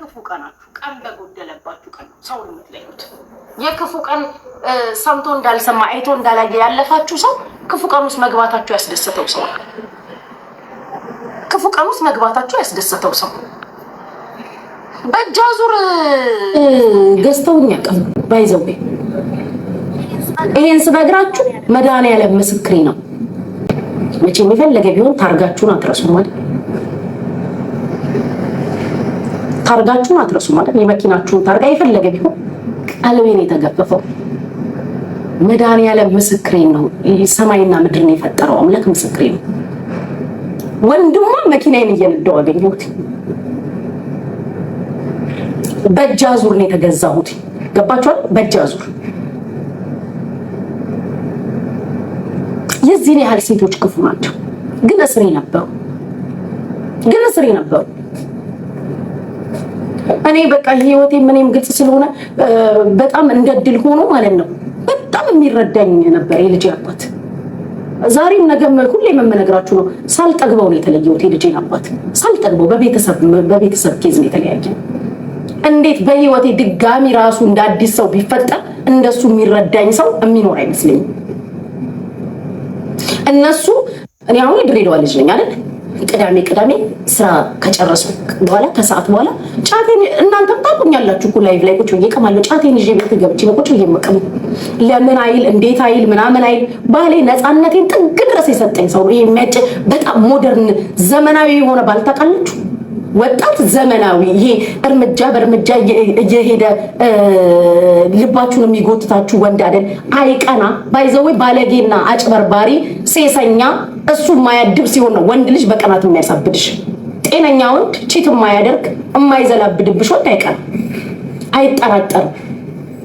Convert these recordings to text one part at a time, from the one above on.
ክፉ ቀናችሁ ቀን በጎደለባችሁ ቀን የምትለዩት የክፉ ቀን ሰምቶ እንዳልሰማ አይቶ እንዳላየ ያለፋችሁ ሰው ክፉ ቀን ውስጥ መግባታችሁ ያስደሰተው ሰው ክፉ ቀን ውስጥ መግባታችሁ ያስደሰተው ሰው በእጅ አዙር ገዝተውኝ ያውቃሉ። ባይዘው ይሄን ስነግራችሁ መድኃኒዓለም ምስክሬ ነው። መቼም የፈለገ ቢሆን ታርጋችሁን አትረሱም ማለት ታርጋችሁን አትረሱ ማለት የመኪናችሁን ታርጋ የፈለገ ቢሆን ቀልቤን የተገፈፈው መድኃኒዓለም ምስክሬ ነው። ሰማይና ምድርን የፈጠረው አምላክ ምስክሬ ነው። ወንድሟ መኪናዬን እየነዳሁ አገኘሁት። በእጅ አዙር ነው የተገዛሁት። ገባችኋል? በእጅ አዙር የዚህን ያህል ሴቶች ክፉ ናቸው። ግን እስሬ ነበሩ፣ ግን እስሬ ነበሩ። እኔ በቃ ህይወቴ ምንም ግልጽ ስለሆነ በጣም እንደ ድል ሆኖ ማለት ነው በጣም የሚረዳኝ ነበር የልጄ አባት። ዛሬም ነገም ሁሌ የምነግራችሁ ነው። ሳልጠግበው ነው የተለየሁት የልጄን አባት ሳልጠግበው። በቤተሰብ በቤተሰብ ኬዝ ነው የተለያየ። እንዴት በህይወቴ ድጋሚ ራሱ እንደ አዲስ ሰው ቢፈጠር እንደሱ የሚረዳኝ ሰው የሚኖር አይመስለኝም። እነሱ እኔ አሁን የድሬዳዋ ልጅ ነኝ አይደል ቅዳሜ ቅዳሜ ስራ ከጨረሱ በኋላ ከሰዓት በኋላ ጫቴን እናንተም ታቁኛላችሁ እኮ ላይቭ ላይ ቁጭ ብዬ እቀማለሁ። ጫቴን ይዤ ቤት ገብቼ በቁጭ ብዬ የምቀመው ለምን አይል እንዴት አይል ምናምን አይል ባሌ ነፃነቴን ጥግ ድረስ የሰጠኝ ሰው ነው። ይሄ የሚያጭ በጣም ሞደርን ዘመናዊ የሆነ ባል ታውቃላችሁ። ወጣት ዘመናዊ ይሄ እርምጃ በእርምጃ እየሄደ ልባችሁን የሚጎትታችሁ ወንድ አይደል። አይቀና ባይዘዌ ባለጌና አጭበርባሪ ሴሰኛ እሱ የማያድብ ሲሆን ነው ወንድ ልጅ በቀናት የሚያሳብድሽ። ጤነኛ ወንድ ቺት የማያደርግ የማይዘላብድብሽ ወንድ አይቀርም፣ አይጠራጠርም።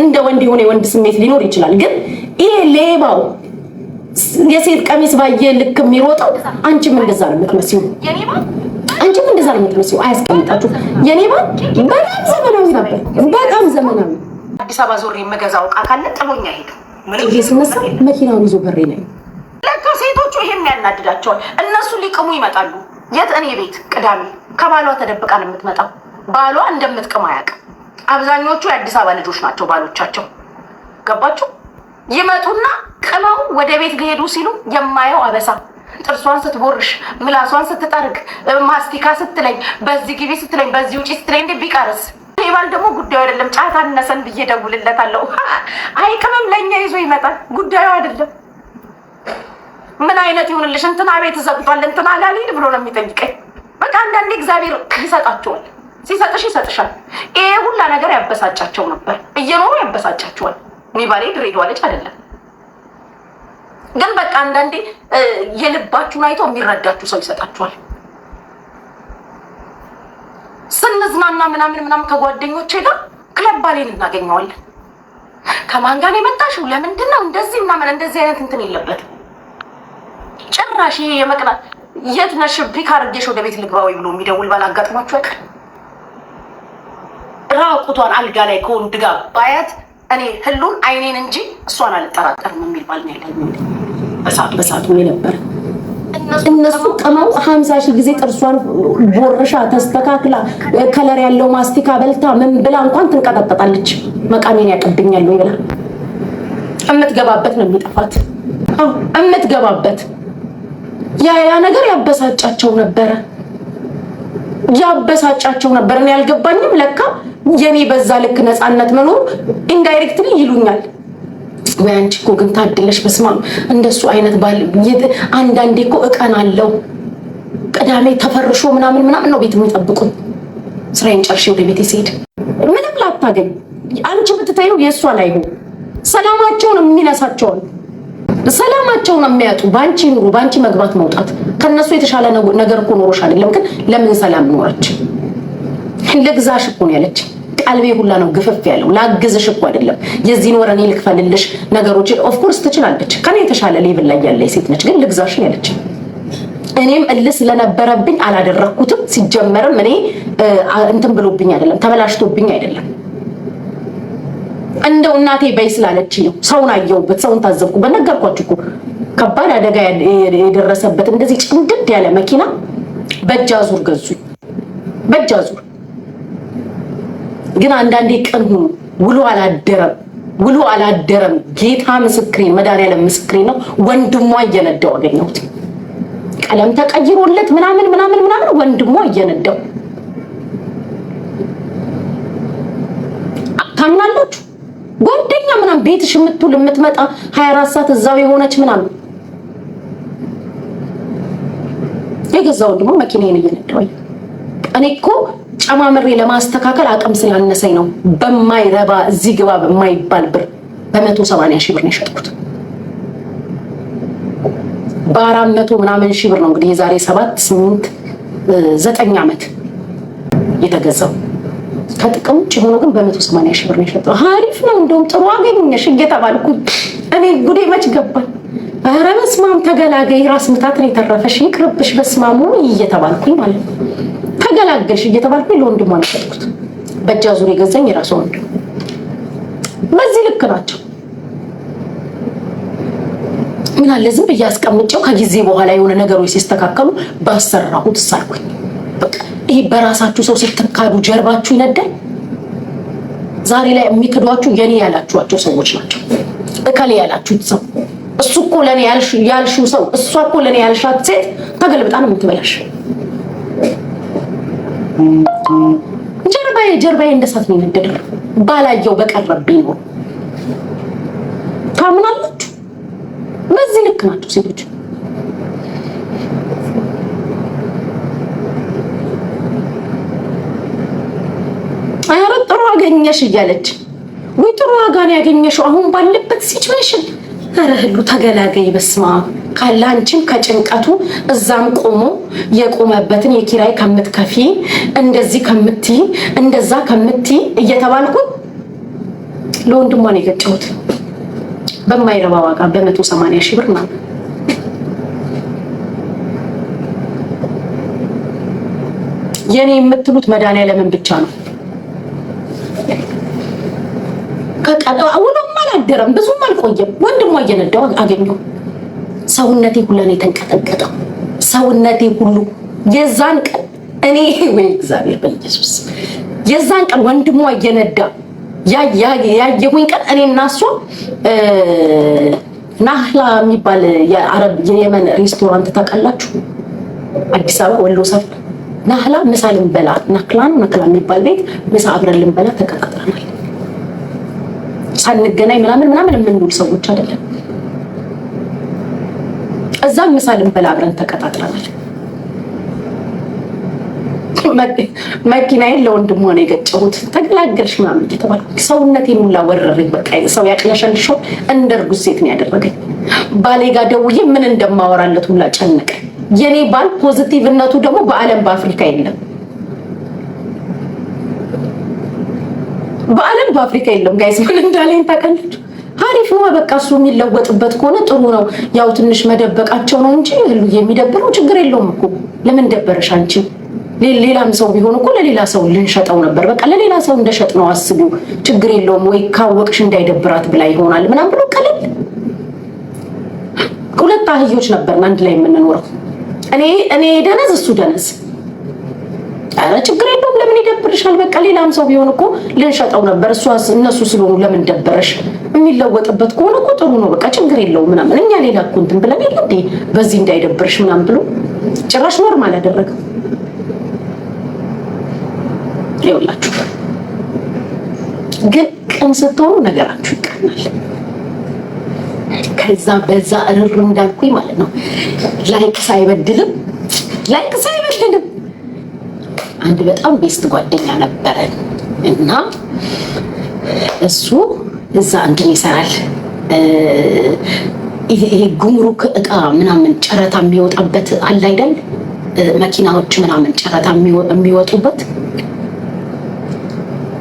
እንደ ወንድ የሆነ የወንድ ስሜት ሊኖር ይችላል። ግን ይሄ ሌባው የሴት ቀሚስ ባየ ልክ የሚሮጠው አንቺም እንደዛ ነው የምትመስዩ። አንቺም እንደዛ ነው የምትመስዩ። አያስቀምጣችሁ የኔ ባል በጣም ዘመናዊ ነበር፣ በጣም ዘመናዊ። አዲስ አበባ ዞር የምገዛው ዕቃ ካለ ጥሎኛ ሄደ። ይሄ ስነሳ መኪናውን ይዞ በሬ ነው ለካ ሴቶቹ ይሄን ያናድዳቸዋል። እነሱ ሊቅሙ ይመጣሉ። የት እኔ ቤት ቅዳሜ ከባሏ ተደብቃ ነው የምትመጣው። ባሏ እንደምትቅም አያውቅም። አብዛኞቹ የአዲስ አበባ ልጆች ናቸው ባሎቻቸው። ገባችሁ? ይመጡና ቅመው ወደ ቤት ሊሄዱ ሲሉ የማየው አበሳ ጥርሷን ስትቦርሽ ምላሷን ስትጠርግ ማስቲካ ስትለኝ በዚህ ግቢ ስትለኝ በዚህ ውጪ ስትለኝ እንዴ ቢቀርስ ባል ደግሞ ጉዳዩ አይደለም ጫት አነሰን ብዬ ደውልለታለሁ። አይቅምም ለእኛ ይዞ ይመጣል። ጉዳዩ አይደለም። ምን አይነት ይሁንልሽ፣ እንትና ቤት ዘግቷል እንትና ላሊል ብሎ ነው የሚጠይቀኝ። በቃ አንዳንዴ እግዚአብሔር ይሰጣቸዋል። ሲሰጥሽ ይሰጥሻል። ይሄ ሁላ ነገር ያበሳጫቸው ነበር፣ እየኖሩ ያበሳጫቸዋል። እኔ ባሌ ድሬዳዋ ልጅ አይደለም ግን በቃ አንዳንዴ የልባችሁን አይቶ የሚረዳችሁ ሰው ይሰጣችኋል። ስንዝናና ምናምን ምናምን ከጓደኞቼ ጋር ክለብ ባሌን እናገኘዋለን። ከማን ጋር የመጣሽው? ለምንድን ነው እንደዚህ ምናምን? እንደዚህ አይነት እንትን የለበትም። ጭራሽ ይሄ የመቅናት የት ነሽ ፒክ አድርጌሽ ወደ ቤት ልግባ ወይ ብሎ የሚደውል ባል አጋጥሟችሁ ራቁቷን አልጋ ላይ ከወንድ ጋር ባያት እኔ ህሉን አይኔን እንጂ እሷን አልጠራጠርም የሚል ባል ነው ያለኝ። በሳቱ በሰዓቱ የነበረ እነሱ ቀማው ሀምሳ ሺህ ጊዜ ጥርሷን ቦርሻ ተስተካክላ ከለር ያለው ማስቲካ በልታ ምን ብላ እንኳን ትንቀጠቀጣለች። መቃሜን ያቀብኛሉ ይላል። እምትገባበት ነው የሚጠፋት እምትገባበት ያ ያ ነገር ያበሳጫቸው ነበረ ያበሳጫቸው ነበር። እኔ ያልገባኝም ለካ የኔ በዛ ልክ ነፃነት መኖሩ ኢንዳይሬክትሊ ይሉኛል። ወይ አንቺ እኮ ግን ታድለሽ፣ በስማ እንደሱ አይነት ባል አንዳንዴ እኮ እቀን አለው። ቅዳሜ ተፈርሾ ምናምን ምናምን ነው ቤት የሚጠብቁኝ። ስራዬን ጨርሼ ወደ ቤቴ ሲሄድ ምንም ላታገኝ አንቺ የምትታየው የእሷ ላይ ነው። ሰላማቸውን የሚነሳቸዋል ሰላማቸውን የሚያጡ በአንቺ ኑሮ በአንቺ መግባት መውጣት ከነሱ የተሻለ ነገር እኮ ኖሮሽ አይደለም። ግን ለምን ሰላም ኖረች? ልግዛሽ እኮ ነው ያለች። ቀልቤ ሁላ ነው ግፍፍ ያለው። ላግዝሽ እኮ አይደለም። የዚህን ወር እኔ ልክፈልልሽ ነገሮች። ኦፍኮርስ ትችላለች። ከኔ የተሻለ ሌቭል ላይ ያለ ሴት ነች። ግን ልግዛሽ ነው ያለች። እኔም እልህ ስለነበረብኝ አላደረኩትም። ሲጀመርም እኔ እንትን ብሎብኝ አይደለም፣ ተበላሽቶብኝ አይደለም እንደው እናቴ በይ ስላለች ነው። ሰውን አየሁበት፣ ሰውን ታዘብኩበት። ነገርኳችሁ እኮ ከባድ አደጋ የደረሰበት እንደዚህ ጭንቅድ ያለ መኪና በእጃዙር ገዙ ገዙኝ፣ ግን አንዳንዴ ቀን ሁኑ ውሎ አላደረም፣ ውሎ አላደረም። ጌታ ምስክሬን መድኃኒዓለም ምስክሬን ነው። ወንድሟ እየነዳው አገኘሁት፣ ቀለም ተቀይሮለት ምናምን ምናምን ምናምን፣ ወንድሟ እየነዳው ታምናላችሁ ጓደኛ ምናምን ቤትሽ የምትውል የምትመጣ 24 ሰዓት እዛው የሆነች ምናምን የገዛ ወንድሞ መኪናዬን እየነዳሁኝ እኔ እኮ ጨማምሬ ለማስተካከል አቅም ስላነሰኝ ነው። በማይረባ እዚህ ግባ በማይባል ብር በመቶ ሰማንያ ሺህ ብር ነው የሸጥኩት። በአራት መቶ ምናምን ሺህ ብር ነው እንግዲህ የዛሬ ሰባት ስምንት ዘጠኝ ዓመት የተገዛው። ከጥቅም ውጭ የሆነ ግን በመቶ ሰማንያ ሺህ ብር ነው የሸጠው። አሪፍ ነው እንደውም ጥሩ አገኘሽ እየተባልኩ እኔ ጉዴ መች ገባል። ኧረ በስመ አብ ተገላገይ፣ ራስ ምታትን የተረፈሽ ይቅርብሽ፣ በስመ አብ እየተባልኩኝ ማለት ነው ተገላገልሽ እየተባልኩኝ ለወንድሟ ነው የሸጥኩት። በእጃ ዙር የገዛኝ የራሱ ወንድ በዚህ ልክ ናቸው። ምን አለ ዝም ብዬ አስቀምጬው ከጊዜ በኋላ የሆነ ነገሮች ሲስተካከሉ ባሰራሁት ሳልኩኝ በቃ ይህ በራሳችሁ ሰው ስትካዱ ጀርባችሁ ይነዳል። ዛሬ ላይ የሚክዷችሁ የኔ ያላችኋቸው ሰዎች ናቸው። እከሌ ያላችሁት ሰው እሱ እኮ ለእኔ ያልሽው ሰው እሷ እኮ ለእኔ ያልሻት ሴት ተገልብጣ ነው የምትበላሽ። ጀርባዬ ጀርባዬ እንደ እሳት ነው የነደደው። ባላየው በቀረብኝ ነው። ታምናላችሁ? በዚህ ልክ ናቸው ሴቶች። አገኘሽ እያለች ወይ ጥሩ ዋጋ ነው ያገኘሽው አሁን ባለበት ሲቹዌሽን ኧረ ህሉ ተገላገይ። በስማ ካለ አንቺም ከጭንቀቱ እዛም ቆሞ የቆመበትን የኪራይ ከምትከፊ እንደዚህ ከምትይ እንደዛ ከምትይ እየተባልኩ ለወንድሟ ነው የገጨሁት በማይረባ ዋጋ በመቶ ሰማንያ ሺህ ብር ማለት የኔ የምትሉት መዳንያ ለምን ብቻ ነው? ውሎም አላደረም፣ ብዙም አልቆየም። ወንድሟ እየነዳው አገኘው ሰውነቴ ሁሉ ነው የተንቀጠቀጠው። ሰውነቴ ሁሉ የዛን ቀን እኔ ወይ እግዚአብሔር በኢየሱስ የዛን ቀን ወንድሟ እየነዳ ያየሁኝ ቀን እኔ እና እሷ ናህላ የሚባል የአረብ የየመን ሬስቶራንት ታውቃላችሁ? አዲስ አበባ ወሎ ሰፈር ናህላ ምሳ ልንበላ ናክላን ናክላ የሚባል ቤት ምሳ አብረን ልንበላ ተቀጣጥረናል። ሳንገናኝ ምናምን ምናምን የምንውል ሰዎች አይደለም። እዛም ምሳ ልንበላ አብረን ተቀጣጥረናል። መኪናዬን ለወንድም ሆነ የገጨሁት ተገላገልሽ ምናምን እየተባልኩ ሰውነቴን ሁላ ወረረኝ። በቃ ሰው ያቅለሸልሾ እንደ እርጉዝ ሴት ነው ያደረገኝ። ባሌ ጋር ደውዬ ምን እንደማወራለት ሁላ ጨነቀ። የኔ ባል ፖዚቲቭነቱ ደግሞ በዓለም በአፍሪካ የለም። በዓለም በአፍሪካ የለም ጋይስ። ምን እንዳለኝ ታውቃለች። አሪፍ ነው በቃ እሱ የሚለወጥበት ከሆነ ጥሩ ነው። ያው ትንሽ መደበቃቸው ነው እንጂ ሁሉ የሚደብረው ችግር የለውም እኮ ለምን ደበረሽ አንቺ? ሌላም ሰው ቢሆን እኮ ለሌላ ሰው ልንሸጠው ነበር። በቃ ለሌላ ሰው እንደሸጥ ነው አስቢው። ችግር የለውም ወይ ካወቅሽ እንዳይደብራት ብላ ይሆናል ምናም ብሎ ቀልል። ሁለት አህዮች ነበርን አንድ ላይ የምንኖረው እኔ እኔ ደነዝ እሱ ደነዝ ኧረ ችግር የለውም ለምን ይደብርሻል? በቃ ሌላም ሰው ቢሆን እኮ ልንሸጠው ነበር። እነሱ ስለሆኑ ለምን ደበረሽ? የሚለወጥበት ከሆነ እኮ ጥሩ ነው። በቃ ችግር የለውም ምናምን እኛ ሌላ እኮ እንትን ብለን የለ እንዴ በዚህ እንዳይደብርሽ ምናምን ብሎ ጭራሽ ኖርማል ያደረገ ይውላችሁ። ግን ቅን ስትሆኑ ነገራችሁ ይቀናል። ከዛ በዛ እርር እንዳልኩኝ ማለት ነው ላይክ ሳይበድልም ላይክ ሳይበድልም አንድ በጣም ቤስት ጓደኛ ነበረን እና እሱ እዛ እንትን ይሰራል ይሄ ጉምሩክ እቃ ምናምን ጨረታ የሚወጣበት አለ አይደል? መኪናዎች ምናምን ጨረታ የሚወጡበት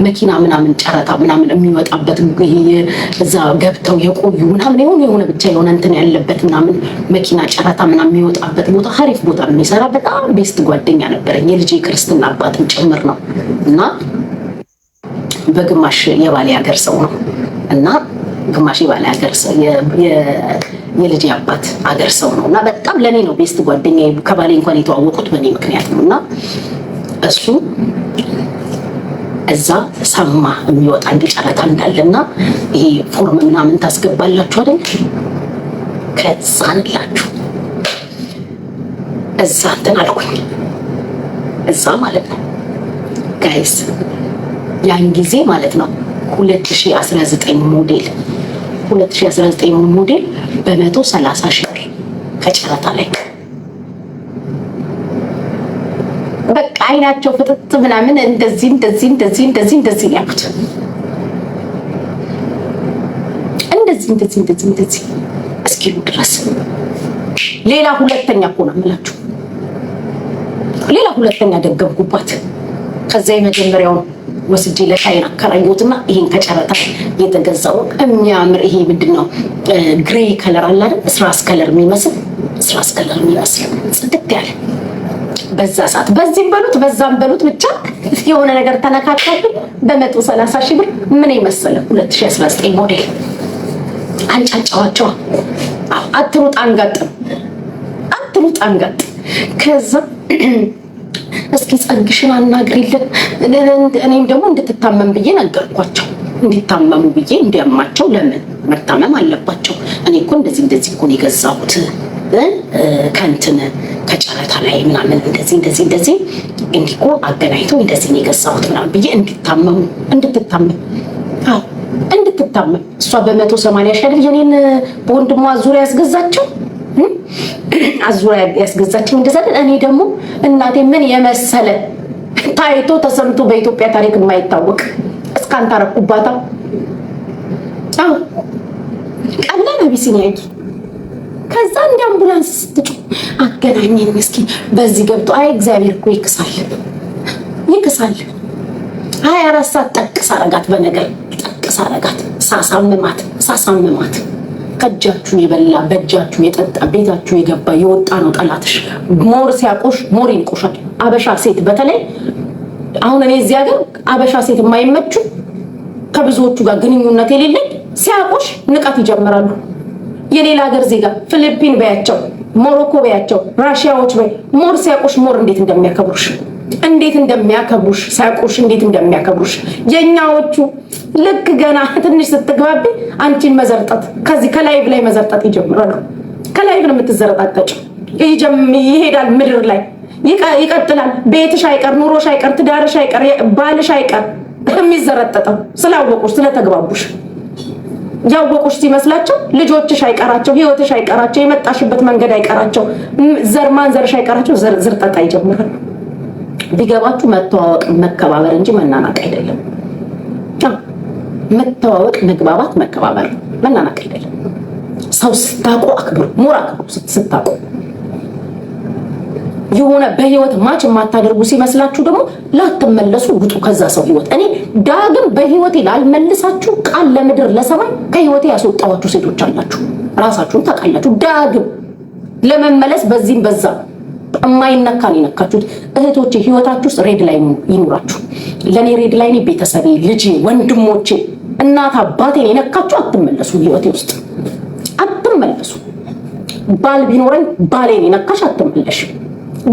መኪና ምናምን ጨረታ ምናምን የሚወጣበት እዛ ገብተው የቆዩ ምናምን የሆነ የሆነ ብቻ የሆነ እንትን ያለበት ምናምን መኪና ጨረታ ምናምን የሚወጣበት ቦታ ሀሪፍ ቦታ የሚሰራ በጣም ቤስት ጓደኛ ነበረኝ። የልጅ ክርስትና አባትም ጭምር ነው እና በግማሽ የባሌ ሀገር ሰው ነው እና ግማሽ የባሌ ሀገር ሰው የልጅ አባት ሀገር ሰው ነው እና በጣም ለእኔ ነው ቤስት ጓደኛ። ከባሌ እንኳን የተዋወቁት በእኔ ምክንያት ነው እና እሱ እዛ ሰማ የሚወጣ አንድ ጨረታ እንዳለና ይሄ ፎርም ምናምን ታስገባላችሁ አይደል? ከዛንላችሁ እዛ እንትን አልኩኝ እዛ ማለት ነው ጋይስ ያን ጊዜ ማለት ነው 2019 ሞዴል 2019 ሞዴል በ130 ሺህ ከጨረታ ላይ አይናቸው ፍጥጥ ምናምን እንደዚህ እንደዚህ እንደዚህ እንደዚህ እንደዚህ ያሉት እንደዚህ እንደዚህ እንደዚህ እንደዚህ እስኪሉ ድረስ ሌላ ሁለተኛ እኮ ነው የምላችሁ። ሌላ ሁለተኛ ደገምኩባት። ከዛ የመጀመሪያውን ወስጄ ለሻይን አከራየሁትና ይሄን ከጨረታ የተገዛው የሚያምር ይሄ ምንድን ነው ግሬ ከለር አለ አይደል? እስራስ ከለር የሚመስል ስላስ ከለር የሚመስለው ጽድቅ ያለ በዛ ሰዓት በዚህም በሉት በዛም በሉት ብቻ የሆነ ነገር ተነካካብን። በመቶ ሰላሳ ሺህ ብር ምን የመሰለ 2019 ሞዴል አንጫጫዋቸዋ። አትሩጥ አንጋጥም፣ አትሩጥ አንጋጥም። ከዛ እስኪ ጸግሽን አናግሪልን። እኔም ደግሞ እንድትታመም ብዬ ነገርኳቸው። እንዲታመሙ ብዬ እንዲያማቸው ለምን መታመም አለባቸው። እኔ እኮ እንደዚህ እንደዚህ እኮ ነው የገዛሁት ከእንትን ከጨረታ ላይ ምናምን እንደዚህ እንደዚህ እንደዚህ እንዲቆ አገናኝቶ እንደዚህ የገዛሁት ምናምን ብዬ እንድታመሙ እንድትታመም እንድትታመም እሷ በመቶ ሰማንያ ሺህ የኔን በወንድሟ ዙሪያ ያስገዛቸው አዙሪያ ያስገዛቸው እንደዛ እኔ ደግሞ እናቴ ምን የመሰለ ታይቶ ተሰምቶ በኢትዮጵያ ታሪክ የማይታወቅ እስካንታረቁባታ አዎ ቀብላን አቢሲኒያ ከዛ እንደ አምቡላንስ ስትጮ አገናኘን። ምስኪን በዚህ ገብቶ አይ እግዚአብሔር እኮ ይክሳል ይክሳል። ሀያ አራት ሰዓት ጠቅስ አረጋት፣ በነገር ጠቅስ አረጋት። ሳሳምማት ሳሳምማት ከእጃችሁን የበላ በእጃችሁ የጠጣ ቤታችሁ የገባ የወጣ ነው ጠላትሽ። ሞር ሲያቆሽ ሞር ይንቆሻል። አበሻ ሴት በተለይ አሁን እኔ እዚህ ሀገር አበሻ ሴት የማይመቹ ከብዙዎቹ ጋር ግንኙነት የሌለኝ ሲያቆሽ ንቀት ይጀምራሉ። የሌላ ሀገር ዜጋ ፊሊፒን በያቸው፣ ሞሮኮ በያቸው፣ ራሽያዎች በይ ሞር ሲያውቁሽ ሞር እንዴት እንደሚያከብሩሽ እንዴት እንደሚያከብሩሽ ሳያውቁሽ እንዴት እንደሚያከብሩሽ። የእኛዎቹ ልክ ገና ትንሽ ስትግባቢ አንቺን መዘርጠት ከዚህ ከላይቭ ላይ መዘርጠት ይጀምራሉ። ከላይቭ ነው የምትዘረጣጠጭው። ይሄዳል ምድር ላይ ይቀጥላል። ቤትሽ አይቀር፣ ኑሮሽ አይቀር፣ ትዳርሽ አይቀር፣ ባልሽ አይቀር የሚዘረጠጠው ስላወቁሽ ስለተግባቡሽ ያወቁሽ ሲመስላቸው ልጆችሽ አይቀራቸው፣ ህይወትሽ አይቀራቸው፣ የመጣሽበት መንገድ አይቀራቸው፣ ዘር ማንዘርሽ አይቀራቸው። ጠጣ ይጀምራል። ቢገባችሁ መተዋወቅ መከባበር እንጂ መናናቅ አይደለም። መተዋወቅ፣ መግባባት፣ መከባበር መናናቅ አይደለም። ሰው ስታቆ አክብሩ፣ ሞር አክብሩ የሆነ በህይወት ማች የማታደርጉ ሲመስላችሁ ደግሞ ላትመለሱ ውጡ ከዛ ሰው ህይወት። እኔ ዳግም በህይወቴ ላልመልሳችሁ ቃል ለምድር ለሰማይ ከህይወቴ ያስወጣዋችሁ ሴቶች አላችሁ። ራሳችሁን ታውቃላችሁ። ዳግም ለመመለስ በዚህም በዛ የማይነካን የነካችሁት እህቶቼ፣ ህይወታችሁ ውስጥ ሬድ ላይን ይኑራችሁ። ለእኔ ሬድ ላይ ቤተሰቤ፣ ልጄ፣ ወንድሞቼ፣ እናት አባቴን የነካችሁ አትመለሱ። ህይወቴ ውስጥ አትመለሱ። ባል ቢኖረኝ ባሌን የነካሽ አትመለሽ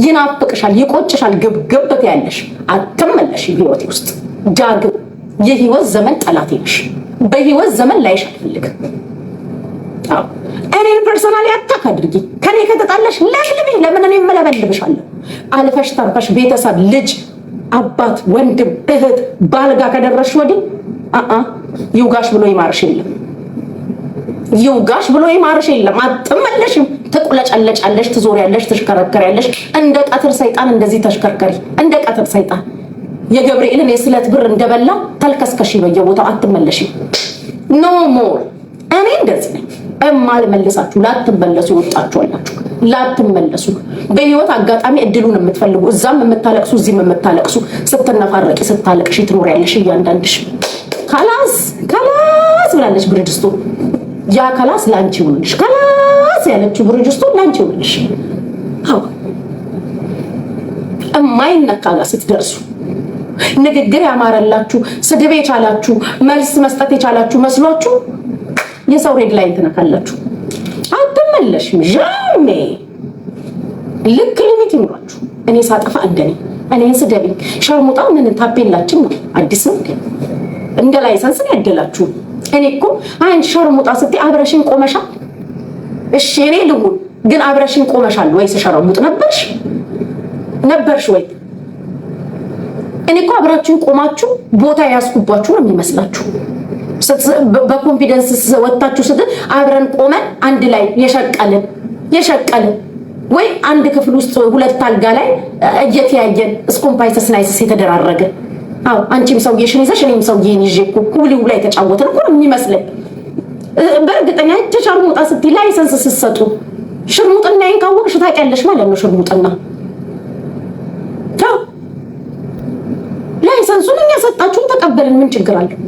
ይናፍቅሻል፣ ይቆጭሻል፣ ግብግብት ያለሽ አትመለሽ። ህይወቴ ውስጥ ዳግም የህይወት ዘመን ጠላቴ ነሽ። በህይወት ዘመን ላይሽ አልፈልግም። እኔን ፐርሶናሊ አታክ አድርጊ። ከኔ ከተጣለሽ ለሽልብኝ። ለምን እኔ መለበልብሻለሁ? አልፈሽ ተርፈሽ ቤተሰብ፣ ልጅ፣ አባት፣ ወንድም፣ እህት፣ ባልጋ ከደረሽ ወዲህ ይውጋሽ ብሎ ይማርሽ የለም። ይውጋሽ ብሎ ይማርሽ የለም። አጥመለሽም፣ ትቁለጨለጫለሽ፣ ትዞሪያለሽ፣ ትሽከረከሪያለሽ። እንደ ቀትር ሰይጣን እንደዚህ ተሽከርከሪ፣ እንደ ቀትር ሰይጣን የገብርኤልን የስለት ብር እንደበላ ተልከስከሽ በየቦታው አትመለሽም። ኖ ሞር እኔ እንደዚህ ነኝ። እማልመልሳችሁ ላትመለሱ ወጣችኋላችሁ፣ ላትመለሱ በህይወት አጋጣሚ እድሉን የምትፈልጉ እዛም የምታለቅሱ እዚህም የምታለቅሱ ስትነፋረቂ ስታለቅሽ ትኖሪያለሽ። እያንዳንድሽ ካላስ ካላስ ብላለች ብርድስቶ ያ ከላስ ለአንቺ ይሆንልሽ፣ ከላስ ያለችው ብርጅስቶ ለአንቺ ይሆንልሽ። እማይነካ ጋር ስትደርሱ ንግግር ያማረላችሁ፣ ስድብ የቻላችሁ፣ መልስ መስጠት የቻላችሁ መስሏችሁ የሰው ሬድ ላይ ትነካላችሁ። አትመለሽም። ዣሜ ልክ ሊሚት ይኑራችሁ። እኔ ሳጠፋ እንደኔ እኔን ስደብኝ ሸርሙጣ ምን ታፔላችን ነው አዲስ ነው እንደ ላይሰንስ ያደላችሁ እኔ እኮ አንድ ሸርሙጣ ስትይ አብረሽን ቆመሻል። እሺ እኔ ልሁን ግን አብረሽን ቆመሻል ወይስ ሸርሙጥ ነበርሽ ነበርሽ ወይ? እኔ እኮ አብራችሁን ቆማችሁ ቦታ የያዝኩባችሁ ነው የሚመስላችሁ። በኮንፊደንስ ወጥታችሁ ስትል አብረን ቆመን አንድ ላይ የሸቀልን የሸቀልን ወይ አንድ ክፍል ውስጥ ሁለት አልጋ ላይ እየተያየን እስኮምፓይሰስ ናይስስ የተደራረገን አዎ አንቺም ሰውዬሽን ይዘሽ እኔም ሰውዬን ይዤ እኮ ኩሊው ላይ የተጫወተን እኮ የሚመስለኝ። በእርግጠኛ እጅ ሸርሙጣ ስትይ ላይሰንስ ስትሰጡ ሽርሙጥናዬን ካወቅሽ ታውቂያለሽ ማለት ነው። ሽርሙጥና ላይሰንሱን እኛ ሰጣችሁን ተቀበልን። ምን ችግር አለው?